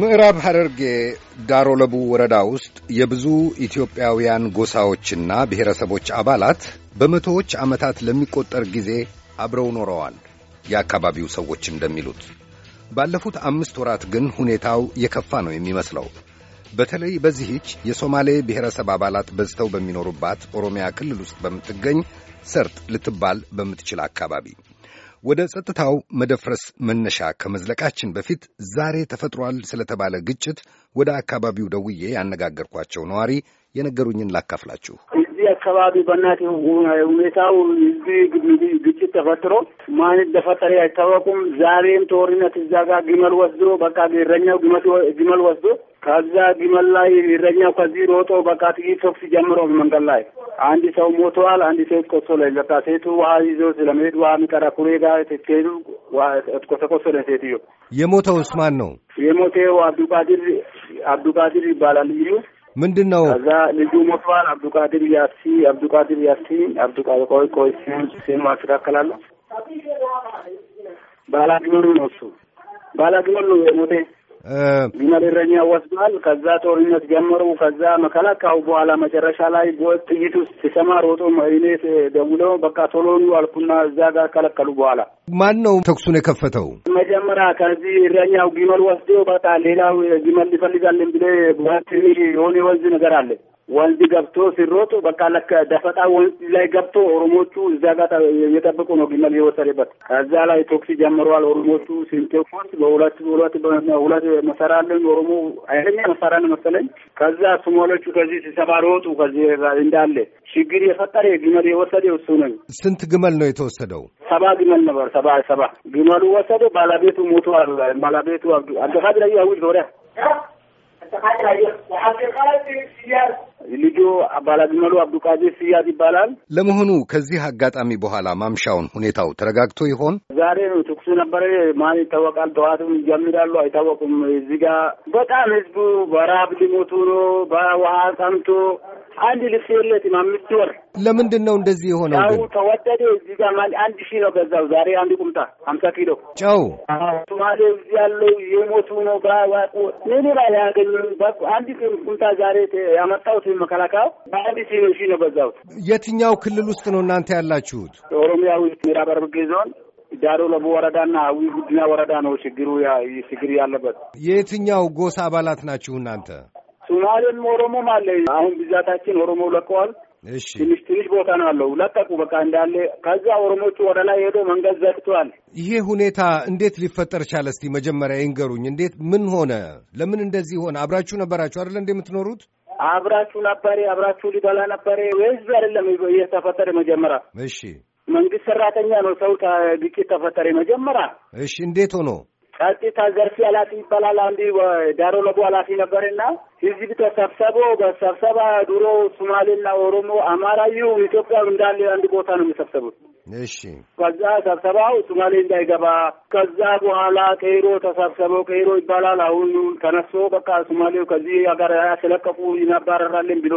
ምዕራብ ሐረርጌ ዳሮ ለቡ ወረዳ ውስጥ የብዙ ኢትዮጵያውያን ጎሳዎችና ብሔረሰቦች አባላት በመቶዎች ዓመታት ለሚቆጠር ጊዜ አብረው ኖረዋል። የአካባቢው ሰዎች እንደሚሉት ባለፉት አምስት ወራት ግን ሁኔታው የከፋ ነው የሚመስለው። በተለይ በዚህች የሶማሌ ብሔረሰብ አባላት በዝተው በሚኖሩባት ኦሮሚያ ክልል ውስጥ በምትገኝ ሰርጥ ልትባል በምትችል አካባቢ ወደ ጸጥታው መደፍረስ መነሻ ከመዝለቃችን በፊት ዛሬ ተፈጥሯል ስለተባለ ግጭት ወደ አካባቢው ደውዬ ያነጋገርኳቸው ነዋሪ የነገሩኝን ላካፍላችሁ። በዚህ አካባቢ በእናት ሁኔታው እዚህ ግጭት ተፈጥሮ ማን እንደፈጠረ አይታወቁም። ዛሬም ጦርነት እዛ ጋር ግመል ወስዶ በቃ እረኛው ግመል ወስዶ ከዛ ግመል ላይ እረኛው ከዚህ ሮጦ በቃ ጥይት ተኩስ ጀምሮ መንገድ ላይ አንድ ሰው ሞተዋል። አንድ ሴት ቆሰለች። በቃ ሴቱ ውሃ ይዞ ስለመሄድ ውሃ የሚቀራ ኩሬ ጋር ስትሄዱ ቆሰቆሰለ ሴትዮ። የሞተው ስማን ነው? የሞተው አብዱቃድር አብዱቃድር ይባላል ልዩ ምንድን ነው እዛ ልጁ ሞቷል። አብዱቃድር ያሲ አብዱቃድር ያሲ አብዱቃድር ቆይ ቆይ ሲን ማስተካከላለሁ ባላግመሩ ነው እሱ ባላግመሩ የሞቴ ግመል እረኛ ወስዷል። ከዛ ጦርነት ጀመሩ። ከዛ መከላከያው በኋላ መጨረሻ ላይ ጎጥ ጥይት ውስጥ ሲሰማ ሮጦ እኔ ደውሎ በቃ ቶሎኑ አልኩና እዛ ጋር ከለከሉ። በኋላ ማን ነው ተኩሱን የከፈተው? መጀመሪያ ከዚህ እረኛው ግመል ወስዶ በቃ ሌላው ግመል ይፈልጋለን ብለ ትንሽ የሆነ ወንዝ ነገር አለ ወንዝ ገብቶ ሲሮጡ በቃ ለከ ደፈጣ ወንዝ ላይ ገብቶ ኦሮሞቹ እዛ ጋር እየጠበቁ ነው። ግመል የወሰደበት ከዛ ላይ ቶክሲ ጀምረዋል። ኦሮሞቹ ሲንቴፎንት በሁለት በሁለት በሁለት መሰራ አለን ኦሮሞ አይለኛ መሰራ ነው መሰለኝ። ከዛ ሶማሌዎቹ ከዚህ ሲሰባ ሮጡ። ከዚህ እንዳለ ችግር የፈጠረ ግመል የወሰደ እሱ ነኝ። ስንት ግመል ነው የተወሰደው? ሰባ ግመል ነበር። ሰባ ሰባ ግመሉ ወሰደ። ባለቤቱ ሞቶ ባለቤቱ አብዱ አደካድ ላይ አዊጅ ዞሪያ ልጁ አባላግመሉ አብዱቃዲር ስያድ ይባላል። ለመሆኑ ከዚህ አጋጣሚ በኋላ ማምሻውን ሁኔታው ተረጋግቶ ይሆን? ዛሬ ነው ትኩሱ ነበረ። ማን ይታወቃል? ጠዋቱም ይጀምራሉ፣ አይታወቁም። እዚህ በጣም ህዝቡ በራብ ሊሞቱ ነው፣ በውሃ ጠምቶ አንድ ልብስ የለትም። አምስት ወር ለምንድን ነው እንደዚህ የሆነው? ግን ተወደደ። እዚህ ጋር አንድ ሺህ ነው ገዛው ዛሬ አንድ ቁምጣ ሀምሳ ኪሎ ጨው ሶማሌ እዚህ ያለው የሞቱ ነው ባዋቁ ምን ባል ያገኙ አንድ ቁምጣ ዛሬ ያመጣሁት መከላከያው በአንድ ሺህ ነው ሺ ነው ገዛሁት። የትኛው ክልል ውስጥ ነው እናንተ ያላችሁት? ኦሮሚያ ውስጥ ምዕራብ ሐረርጌ ዞን ዳሮ ለቡ ወረዳና አዊ ጉዲና ወረዳ ነው ችግሩ ችግር ያለበት። የትኛው ጎሳ አባላት ናችሁ እናንተ? ሶማሌም ኦሮሞም አለ። አሁን ብዛታችን ኦሮሞ ለቀዋል። ትንሽ ትንሽ ቦታ ነው አለው። ለቀቁ በቃ እንዳለ። ከዛ ኦሮሞቹ ወደ ላይ ሄዶ መንገድ ዘግቷል። ይሄ ሁኔታ እንዴት ሊፈጠር ቻለ? እስቲ መጀመሪያ ይንገሩኝ። እንዴት ምን ሆነ? ለምን እንደዚህ ሆነ? አብራችሁ ነበራችሁ አይደለ እንደ የምትኖሩት? አብራችሁ ነበር አብራችሁ ሊበላ ነበር ወይስ አይደለም? እየተፈጠረ መጀመሪያ እሺ መንግስት ሰራተኛ ነው ሰው ግጭት ተፈጠረ መጀመሪያ። እሺ እንዴት ሆኖ? ቀጥታ ዘርፍ ኃላፊ ይባላል አንድ ዳሮ ለቡ ኃላፊ ነበርና ህዝብ ተሰብሰቦ በሰብሰባ ድሮ ሶማሌና ኦሮሞ፣ አማራዩ ኢትዮጵያ እንዳለ አንድ ቦታ ነው የሚሰብሰቡት። እሺ ከዛ ሰብሰባው ሶማሌ እንዳይገባ ከዛ በኋላ ቀይሮ ተሰብሰበው ቀይሮ ይባላል። አሁን ተነሶ በቃ ሶማሌው ከዚህ ሀገር ያስለቀቁ ይናባረራለን ብሎ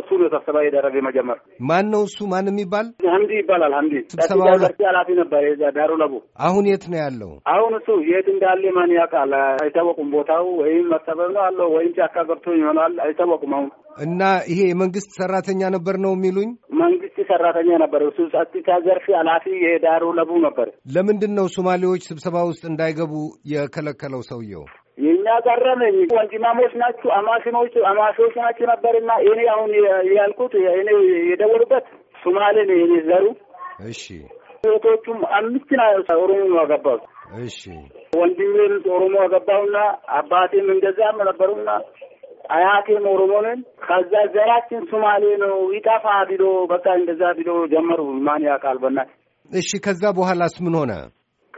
እሱ ነው ሰብሰባ የደረገ መጀመር። ማን ነው እሱ? ማንም ይባል ሀምዲ ይባላል። ሀምዲ ስብሰባ ኃላፊ ነበር ዳሩ ለቡ። አሁን የት ነው ያለው? አሁን እሱ የት እንዳለ ማን ያውቃል? አይታወቁም። ቦታው ወይም መሰበብ ነው አለው ወይም ጫካ ወቅቱ ይሆናል አይታወቅም። አሁን እና ይሄ የመንግስት ሰራተኛ ነበር ነው የሚሉኝ? መንግስት ሰራተኛ ነበር እሱ ጸጥታ ዘርፍ ኃላፊ የዳሩ ለቡ ነበር። ለምንድን ነው ሶማሌዎች ስብሰባ ውስጥ እንዳይገቡ የከለከለው ሰውየው? የእኛ ቀረመኝ ወንድማሞች ናችሁ፣ አማሽኖች አማሾች ናችሁ ነበር እና እኔ አሁን ያልኩት እኔ የደወሉበት ሶማሌ ነው የኔ ዘሩ። እሺ ቶቹም አምስት ና ኦሮሞ ነው ያገባው። እሺ ወንድሜም ኦሮሞ አገባሁና አባቴም እንደዚያም ነበሩና አያቴም ኦሮሞ ነን። ከዛ ዘራችን ሱማሌ ነው ይጠፋ ቢሎ በቃ እንደዛ ቢሎ ጀመሩ። ማን ያውቃል በእናትህ። እሺ ከዛ በኋላስ ምን ሆነ?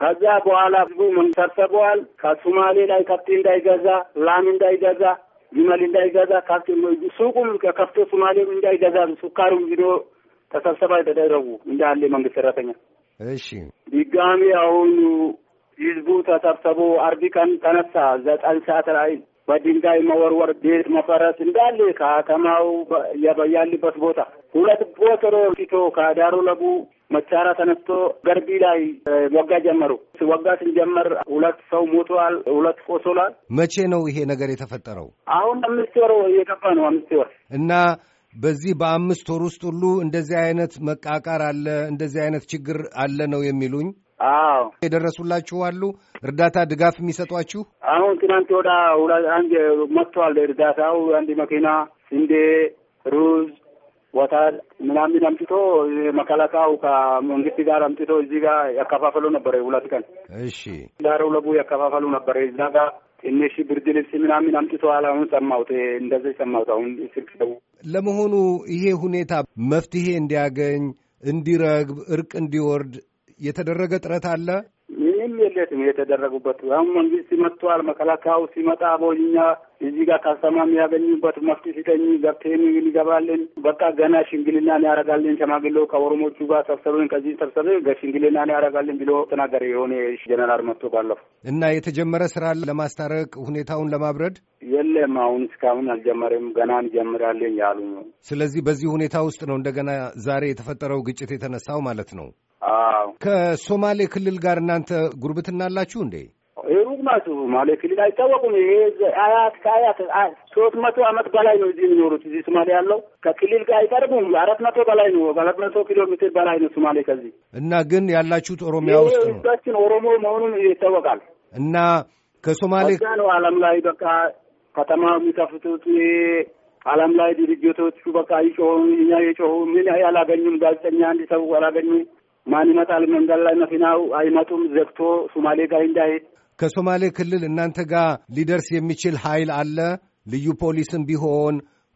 ከዛ በኋላ ህዝቡ ምን ሰብሰበዋል። ከሱማሌ ላይ ከብት እንዳይገዛ፣ ላም እንዳይገዛ፣ ግመል እንዳይገዛ፣ ከብት ሱቁም ከፍቶ ሱማሌም እንዳይገዛ ሱካሩም ቢሎ ተሰብሰባ ተደረጉ እንዳለ መንግስት ሰራተኛ። እሺ ድጋሚ አሁኑ ህዝቡ ተሰብሰቦ አርቢ ቀን ተነሳ ዘጠኝ ሰዓት ላይ በድንጋይ መወርወር፣ ቤት መፈረስ እንዳለ ከከተማው ያለበት ቦታ ሁለት ቦትሮ ቲቶ ከዳሩ ለቡ መቻራ ተነስቶ ገርቢ ላይ ወጋ ጀመሩ። ወጋ ስንጀመር ሁለት ሰው ሞቷል ሁለት ቆስሏል። መቼ ነው ይሄ ነገር የተፈጠረው? አሁን አምስት ወር እየገባ ነው። አምስት ወር እና በዚህ በአምስት ወር ውስጥ ሁሉ እንደዚህ አይነት መቃቃር አለ፣ እንደዚህ አይነት ችግር አለ ነው የሚሉኝ አዎ የደረሱላችሁ አሉ? እርዳታ ድጋፍ የሚሰጧችሁ? አሁን ትናንት ወደ አንድ መጥተዋል። እርዳታው አንድ መኪና ስንዴ፣ ሩዝ፣ ወታል ምናምን አምጥቶ መከላከያው ከመንግስት ጋር አምጥቶ እዚህ ጋር ያከፋፈሉ ነበረ። ሁለት ቀን እሺ፣ ዳረው ለቡ ያከፋፈሉ ነበረ እዛ ጋር ትንሽ ብርድ ልብስ ምናምን አምጥቶ አሁን ሰማሁት፣ እንደዚ ሰማሁት። አሁን ስልክ ደውል። ለመሆኑ ይሄ ሁኔታ መፍትሄ እንዲያገኝ እንዲረግብ፣ እርቅ እንዲወርድ የተደረገ ጥረት አለ? ምንም የለትም። የተደረጉበት አሁን መንግስት መጥቷል። መከላከያው ሲመጣ በኛ እዚህ ጋር ካሰማ የሚያገኙበት መፍት ሲጠኝ ገብቴን ይገባልን በቃ ገና ሽንግልናን ያደርጋልን ሸማግሎ ከኦሮሞቹ ጋር ሰብሰብን ከዚህ ሰብሰብ ሽንግልናን ያደርጋልን ብሎ ተናገረ። የሆነ ጀነራል መጥቶ ባለፉ እና የተጀመረ ስራ ለማስታረቅ ሁኔታውን ለማብረድ የለም። አሁን እስካሁን አልጀመረም። ገና እንጀምራለን ያሉ ነው። ስለዚህ በዚህ ሁኔታ ውስጥ ነው እንደገና ዛሬ የተፈጠረው ግጭት የተነሳው ማለት ነው። ከሶማሌ ክልል ጋር እናንተ ጉርብትና አላችሁ እንዴ? ሩቅ ናችሁ። ሶማሌ ክልል አይታወቁም። ይሄ አያት ከአያት ሶስት መቶ አመት በላይ ነው እዚህ የሚኖሩት። እዚህ ሶማሌ ያለው ከክልል ጋር አይቀርቡም። አራት መቶ በላይ ነው፣ አራት መቶ ኪሎ ሜትር በላይ ነው ሶማሌ ከዚህ እና ግን ያላችሁት ኦሮሚያ ውስጥ ነው። ህዝባችን ኦሮሞ መሆኑን ይታወቃል። እና ከሶማሌ ነው አለም ላይ በቃ ከተማ የሚከፍቱት አለም ላይ ድርጅቶቹ በቃ ይጮሁ እኛ የጮሁ ምን ያላገኙም። ጋዜጠኛ አንድ ሰው አላገኙም። ማን ይመጣል? መንገድ ላይ መኪናው አይመጡም፣ ዘግቶ ሶማሌ ጋር እንዳይሄድ። ከሶማሌ ክልል እናንተ ጋር ሊደርስ የሚችል ኃይል አለ? ልዩ ፖሊስም ቢሆን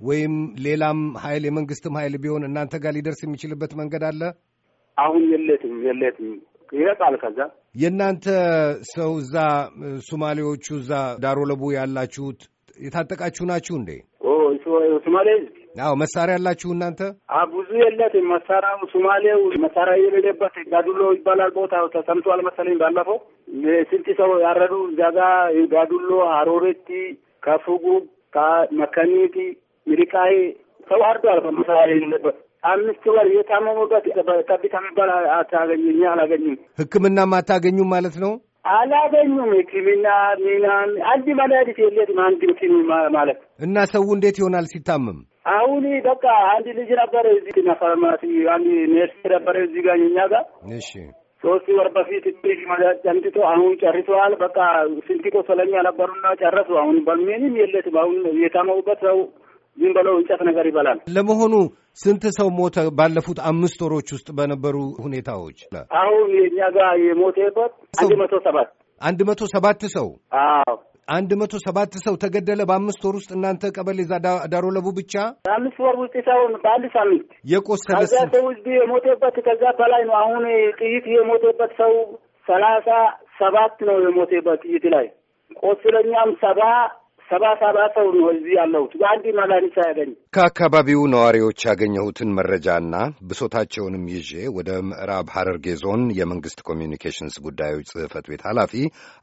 ወይም ሌላም ኃይል የመንግስትም ኃይል ቢሆን እናንተ ጋር ሊደርስ የሚችልበት መንገድ አለ? አሁን የለትም፣ የለትም። ይረጣል። ከዛ የእናንተ ሰው እዛ ሶማሌዎቹ እዛ ዳሮ ለቡ ያላችሁት የታጠቃችሁ ናችሁ እንዴ? ሶማሌ አዎ መሳሪያ አላችሁ እናንተ? ብዙ የለትም። መሳሪያው ሱማሌው መሳሪያ የሌለበት ጋዱሎ ይባላል ቦታ ተሰምቷል መሰለኝ ባለፈው ስንት ሰው ያረዱ እዚያ ጋ ጋዱሎ፣ አሮሬቲ፣ ከፉጉ፣ ከመከኒቲ፣ ሚሪቃይ ሰው አርዷል መሳሪያ የሌለበት አምስት ወር የታመሙበት ጠብታ የሚባል አታገኝኛ አላገኝም። ሕክምናም አታገኙም ማለት ነው? አላገኙም። ህክምና ሚና አንድ መድኃኒት የለትም። አንድ ማለት እና ሰው እንዴት ይሆናል ሲታመም አሁን በቃ አንድ ልጅ ነበር እዚህ ፋርማሲ አንድ ሜስ ነበር እዚህ ጋር እኛ ጋር እሺ ሶስት ወር በፊት ትንሽ ጨምጥቶ አሁን ጨርሰዋል። በቃ ስንት ቆሰለኛ ነበሩና ጨረሱ። አሁን በምንም የለትም። አሁን የታመሙበት ሰው ዝም ብለው እንጨት ነገር ይበላል። ለመሆኑ ስንት ሰው ሞተ? ባለፉት አምስት ወሮች ውስጥ በነበሩ ሁኔታዎች አሁን የእኛ ጋር የሞተበት አንድ መቶ ሰባት አንድ መቶ ሰባት ሰው አዎ አንድ መቶ ሰባት ሰው ተገደለ በአምስት ወር ውስጥ እናንተ ቀበሌ እዛ ዳሮ ለቡ ብቻ በአምስት ወር ውስጥ ሳይሆን በአንድ ሳምንት የቆሰለ ከዛ ሰው ህዝብ የሞተበት ከዛ በላይ ነው። አሁን ጥይት የሞተበት ሰው ሰላሳ ሰባት ነው የሞተበት ጥይት ላይ ቆስለኛም ሰባ ሰባ ሰባ ሰው ነው እዚህ ያለሁት። በአንድ መድኃኒት አያገኝ። ከአካባቢው ነዋሪዎች ያገኘሁትን መረጃና ብሶታቸውንም ይዤ ወደ ምዕራብ ሐረርጌ ዞን የመንግስት ኮሚኒኬሽንስ ጉዳዮች ጽህፈት ቤት ኃላፊ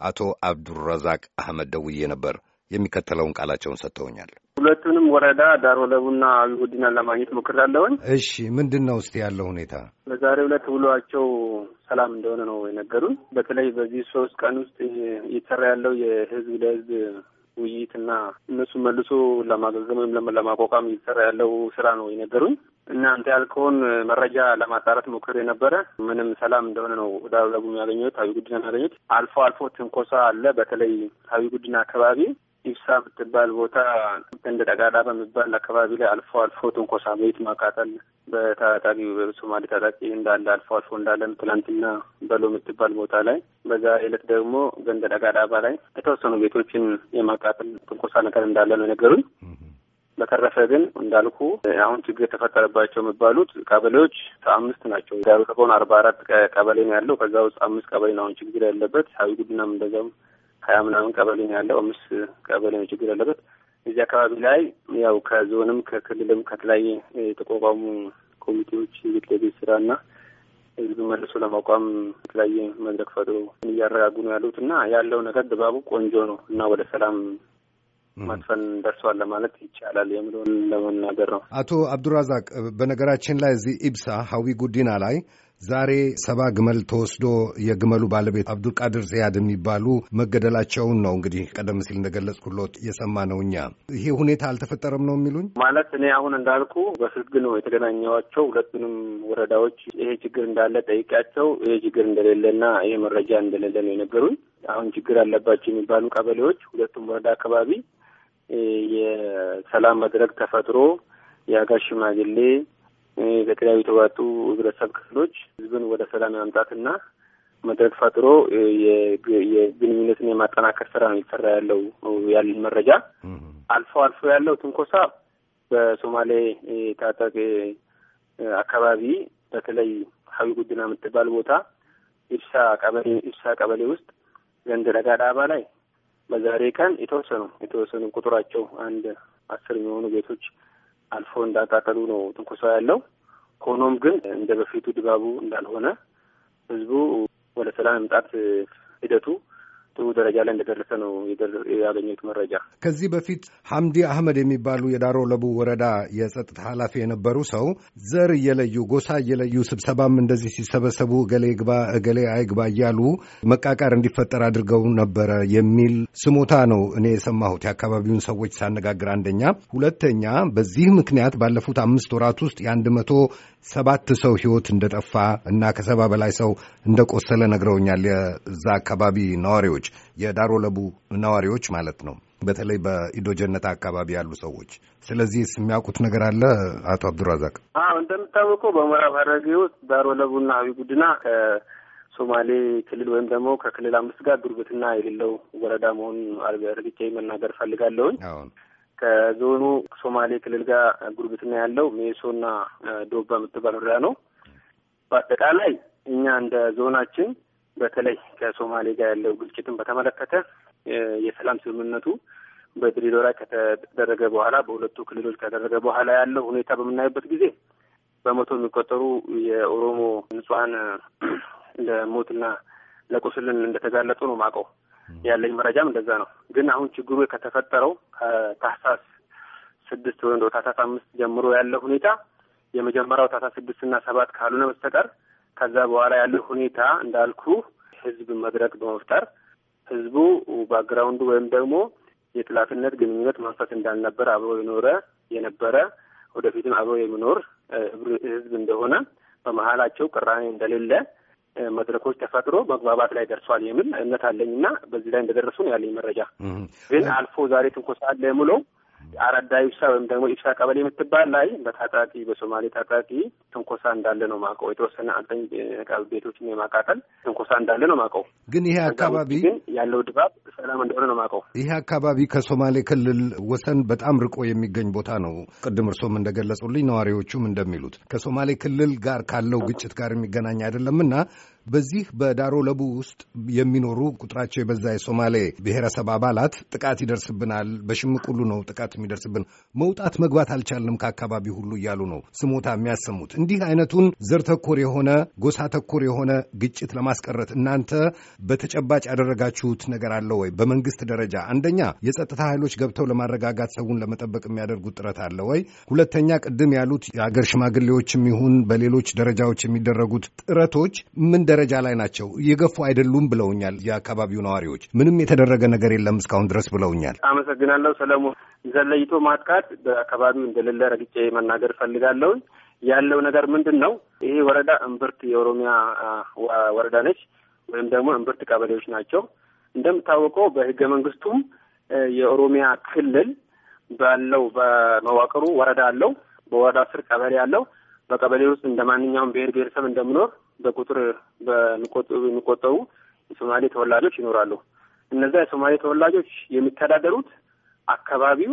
አቶ አብዱረዛቅ አህመድ ደውዬ ነበር። የሚከተለውን ቃላቸውን ሰጥተውኛል። ሁለቱንም ወረዳ ዳር ወለቡና አቢ ጉዲና ለማግኘት ሞክሬያለሁኝ። እሺ፣ ምንድን ነው እስቲ ያለው ሁኔታ? በዛሬ ሁለት ውሏቸው ሰላም እንደሆነ ነው የነገሩን። በተለይ በዚህ ሶስት ቀን ውስጥ እየተሰራ ያለው የህዝብ ለህዝብ ውይይትና እነሱ መልሶ ለማገገም ወይም ለማቋቋም ይሰራ ያለው ስራ ነው የነገሩኝ። እናንተ ያልከውን መረጃ ለማጣራት ሞክር የነበረ ምንም ሰላም እንደሆነ ነው ዳሩ ለጉም ያገኘሁት። ሀዊ ጉዲና ያገኙት አልፎ አልፎ ትንኮሳ አለ። በተለይ ሀዊ ጉድና አካባቢ ኢብሳ ብትባል ቦታ እንደ ጠቃዳ በሚባል አካባቢ ላይ አልፎ አልፎ ትንኮሳ፣ ቤት ማቃጠል በታጣቂ በሶማሌ ታጣቂ እንዳለ አልፎ አልፎ እንዳለን ትላንትና በሎ የምትባል ቦታ ላይ በዛ ዕለት ደግሞ ገንደ ጠቃዳባ ላይ የተወሰኑ ቤቶችን የማቃጠል ትንኮሳ ነገር እንዳለ ነው የነገሩኝ። በተረፈ ግን እንዳልኩ አሁን ችግር የተፈጠረባቸው የሚባሉት ቀበሌዎች አምስት ናቸው። ዳሩ ተቆን አርባ አራት ቀበሌ ነው ያለው። ከዛ ውስጥ አምስት ቀበሌ ነው አሁን ችግር ያለበት። ሀዊ ጉድናም እንደዛም ሀያ ምናምን ቀበሌ ያለው። አምስት ቀበሌ ነው ችግር ያለበት እዚህ አካባቢ ላይ ያው ከዞንም ከክልልም ከተለያየ የተቋቋሙ ኮሚቴዎች ቤት ለቤት ስራና ህዝብ መልሶ ለማቋም የተለያየ መድረክ ፈጥሮ እያረጋጉ ነው ያሉት እና ያለው ነገር ድባቡ ቆንጆ ነው እና ወደ ሰላም ማጥፈን ደርሷል ለማለት ይቻላል የምለውን ለመናገር ነው። አቶ አብዱራዛቅ በነገራችን ላይ እዚህ ኢብሳ ሀዊ ጉዲና ላይ ዛሬ ሰባ ግመል ተወስዶ የግመሉ ባለቤት አብዱልቃድር ዚያድ የሚባሉ መገደላቸውን ነው እንግዲህ ቀደም ሲል እንደገለጽኩሎት የሰማ ነው። እኛ ይሄ ሁኔታ አልተፈጠረም ነው የሚሉኝ። ማለት እኔ አሁን እንዳልኩ በስልክ ነው የተገናኘዋቸው። ሁለቱንም ወረዳዎች ይሄ ችግር እንዳለ ጠይቂያቸው ይሄ ችግር እንደሌለና ይሄ መረጃ እንደሌለ ነው የነገሩኝ። አሁን ችግር አለባቸው የሚባሉ ቀበሌዎች ሁለቱም ወረዳ አካባቢ የሰላም መድረክ ተፈጥሮ የአጋሽ ሽማግሌ ለተለያዩ የተባጡ ህብረተሰብ ክፍሎች ህዝብን ወደ ሰላም ማምጣትና መድረክ ፈጥሮ የግንኙነትን የማጠናከር ስራ ነው የተሰራ ያለው ያለን መረጃ። አልፎ አልፎ ያለው ትንኮሳ በሶማሌ ታጠቅ አካባቢ በተለይ ሀዊ ጉድና የምትባል ቦታ ኢብሳ ቀበሌ ኢብሳ ቀበሌ ውስጥ ገንደ ረጋ ዳባ ላይ በዛሬ ቀን የተወሰኑ የተወሰኑ ቁጥራቸው አንድ አስር የሚሆኑ ቤቶች አልፎ እንዳቃጠሉ ነው ትንኮሳው ያለው። ሆኖም ግን እንደ በፊቱ ድባቡ እንዳልሆነ ህዝቡ ወደ ሰላም መምጣት ሂደቱ ጥሩ ደረጃ ላይ እንደደረሰ ነው ያገኘሁት መረጃ። ከዚህ በፊት ሐምዲ አህመድ የሚባሉ የዳሮ ለቡ ወረዳ የጸጥታ ኃላፊ የነበሩ ሰው ዘር እየለዩ ጎሳ እየለዩ ስብሰባም እንደዚህ ሲሰበሰቡ እገሌ ግባ እገሌ አይግባ እያሉ መቃቃር እንዲፈጠር አድርገው ነበረ የሚል ስሞታ ነው እኔ የሰማሁት የአካባቢውን ሰዎች ሳነጋግር። አንደኛ ሁለተኛ በዚህ ምክንያት ባለፉት አምስት ወራት ውስጥ የአንድ መቶ ሰባት ሰው ህይወት እንደጠፋ እና ከሰባ በላይ ሰው እንደቆሰለ ነግረውኛል የዛ አካባቢ ነዋሪዎች። ሰዎች የዳሮ ለቡ ነዋሪዎች ማለት ነው፣ በተለይ በኢዶ አካባቢ ያሉ ሰዎች። ስለዚህ የሚያውቁት ነገር አለ አቶ አብዱራዛቅ? አዎ እንደምታወቀው በምዕራብ ሐረርጌ ውስጥ ዳሮ ለቡና አዊ ጉድና ከሶማሌ ክልል ወይም ደግሞ ከክልል አምስት ጋር ጉርብትና የሌለው ወረዳ መሆኑን አርግቼ መናገር ፈልጋለሁኝ። ከዞኑ ሶማሌ ክልል ጋር ጉርብትና ያለው ሜሶና ዶባ የምትባል ወረዳ ነው። በአጠቃላይ እኛ እንደ ዞናችን በተለይ ከሶማሌ ጋር ያለው ግጭትን በተመለከተ የሰላም ስምምነቱ በድሬዳዋ ላይ ከተደረገ በኋላ በሁለቱ ክልሎች ከተደረገ በኋላ ያለው ሁኔታ በምናይበት ጊዜ በመቶ የሚቆጠሩ የኦሮሞ ንጹሀን ለሞትና ለቁስልን እንደተጋለጡ ነው ማቀው ያለኝ መረጃም እንደዛ ነው። ግን አሁን ችግሩ ከተፈጠረው ከታህሳስ ስድስት ወይም ታህሳስ አምስት ጀምሮ ያለው ሁኔታ የመጀመሪያው ታህሳስ ስድስት እና ሰባት ካልሆነ በስተቀር ከዛ በኋላ ያለው ሁኔታ እንዳልኩ ህዝብ መድረክ በመፍጠር ህዝቡ ባክግራውንዱ ወይም ደግሞ የጥላትነት ግንኙነት መንፈስ እንዳልነበረ አብሮ የኖረ የነበረ ወደፊትም አብሮ የሚኖር ህዝብ እንደሆነ በመሀላቸው ቅራኔ እንደሌለ መድረኮች ተፈጥሮ መግባባት ላይ ደርሷል የሚል እምነት አለኝ እና በዚህ ላይ እንደደረሱ ነው ያለኝ መረጃ። ግን አልፎ ዛሬ ትንኮሳ አለ የምለው አራዳ ይብሳ ወይም ደግሞ ይብሳ ቀበሌ የምትባል ላይ በታጣቂ በሶማሌ ታጣቂ ትንኮሳ እንዳለ ነው ማቀው። የተወሰነ ቃል ቤቶችን የማቃጠል ትንኮሳ እንዳለ ነው ማቀው። ግን ይሄ አካባቢ ግን ያለው ድባብ ሰላም እንደሆነ ነው ማቀው። ይሄ አካባቢ ከሶማሌ ክልል ወሰን በጣም ርቆ የሚገኝ ቦታ ነው። ቅድም እርሶም እንደገለጹልኝ ነዋሪዎቹም እንደሚሉት ከሶማሌ ክልል ጋር ካለው ግጭት ጋር የሚገናኝ አይደለም እና በዚህ በዳሮ ለቡ ውስጥ የሚኖሩ ቁጥራቸው የበዛ የሶማሌ ብሔረሰብ አባላት ጥቃት ይደርስብናል፣ በሽምቅ ሁሉ ነው ጥቃት የሚደርስብን፣ መውጣት መግባት አልቻልንም ከአካባቢ ሁሉ እያሉ ነው ስሞታ የሚያሰሙት። እንዲህ አይነቱን ዘር ተኮር የሆነ ጎሳ ተኮር የሆነ ግጭት ለማስቀረት እናንተ በተጨባጭ ያደረጋችሁት ነገር አለ ወይ? በመንግስት ደረጃ አንደኛ የጸጥታ ኃይሎች ገብተው ለማረጋጋት ሰውን ለመጠበቅ የሚያደርጉት ጥረት አለ ወይ? ሁለተኛ ቅድም ያሉት የአገር ሽማግሌዎችም ይሁን በሌሎች ደረጃዎች የሚደረጉት ጥረቶች ምን ደረጃ ላይ ናቸው? እየገፉ አይደሉም ብለውኛል የአካባቢው ነዋሪዎች። ምንም የተደረገ ነገር የለም እስካሁን ድረስ ብለውኛል። አመሰግናለሁ ሰለሞን። ዘለይቶ ማጥቃት በአካባቢው እንደሌለ ረግጬ መናገር እፈልጋለሁ። ያለው ነገር ምንድን ነው? ይሄ ወረዳ እምብርት የኦሮሚያ ወረዳ ነች፣ ወይም ደግሞ እምብርት ቀበሌዎች ናቸው። እንደምታወቀው በህገ መንግስቱም የኦሮሚያ ክልል ባለው በመዋቅሩ ወረዳ አለው፣ በወረዳ ስር ቀበሌ አለው። በቀበሌ ውስጥ እንደ ማንኛውም ብሔር ብሄረሰብ እንደምኖር በቁጥር የሚቆጠሩ የሶማሌ ተወላጆች ይኖራሉ። እነዛ የሶማሌ ተወላጆች የሚተዳደሩት አካባቢው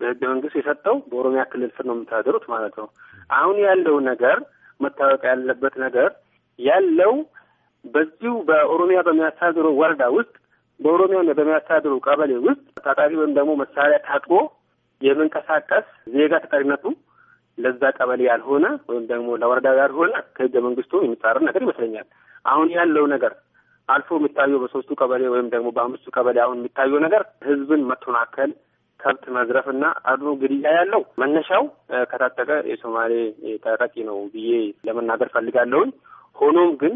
በህገ መንግስት የሰጠው በኦሮሚያ ክልል ስር ነው የምታደሩት ማለት ነው። አሁን ያለው ነገር መታወቅ ያለበት ነገር ያለው በዚሁ በኦሮሚያ በሚያስተዳድረው ወረዳ ውስጥ በኦሮሚያ በሚያስተዳድረው ቀበሌ ውስጥ ታጣቂ ወይም ደግሞ መሳሪያ ታጥቆ የመንቀሳቀስ ዜጋ ተጠሪነቱ ለዛ ቀበሌ ያልሆነ ወይም ደግሞ ለወረዳ ያልሆነ ከህገ መንግስቱ የሚጻረር ነገር ይመስለኛል። አሁን ያለው ነገር አልፎ የሚታየው በሶስቱ ቀበሌ ወይም ደግሞ በአምስቱ ቀበሌ አሁን የሚታየው ነገር ህዝብን መተናከል ከብት መዝረፍ እና አድኖ ግድያ ያለው መነሻው ከታጠቀ የሶማሌ ታጣቂ ነው ብዬ ለመናገር ፈልጋለሁኝ። ሆኖም ግን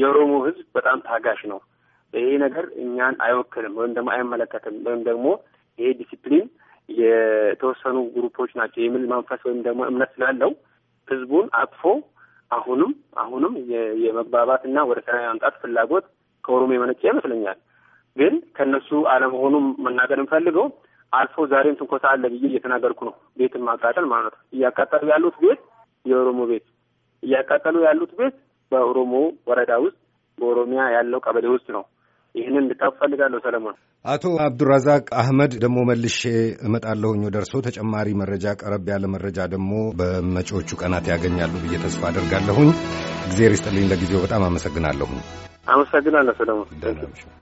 የኦሮሞ ህዝብ በጣም ታጋሽ ነው። ይሄ ነገር እኛን አይወክልም ወይም ደግሞ አይመለከትም ወይም ደግሞ ይሄ ዲሲፕሊን የተወሰኑ ግሩፖች ናቸው የሚል መንፈስ ወይም ደግሞ እምነት ስላለው ህዝቡን አቅፎ አሁንም አሁንም የመግባባትና ወደ ሰላም ማምጣት ፍላጎት ከኦሮሞ የመነጨ ይመስለኛል። ግን ከእነሱ አለመሆኑም መናገር እንፈልገው አልፎ ዛሬም ትንኮሳ አለ ብዬ እየተናገርኩ ነው። ቤትን ማቃጠል ማለት ነው። እያቃጠሉ ያሉት ቤት የኦሮሞ ቤት እያቃጠሉ ያሉት ቤት በኦሮሞ ወረዳ ውስጥ በኦሮሚያ ያለው ቀበሌ ውስጥ ነው። ይህንን እንድታውቅ ፈልጋለሁ ሰለሞን። አቶ አብዱራዛቅ አህመድ ደግሞ መልሼ እመጣለሁኝ ወደ ተጨማሪ መረጃ፣ ቀረብ ያለ መረጃ ደግሞ በመጪዎቹ ቀናት ያገኛሉ ብዬ ተስፋ አደርጋለሁኝ። እግዜር ይስጥልኝ። ለጊዜው በጣም አመሰግናለሁኝ። አመሰግናለሁ ሰለሞን።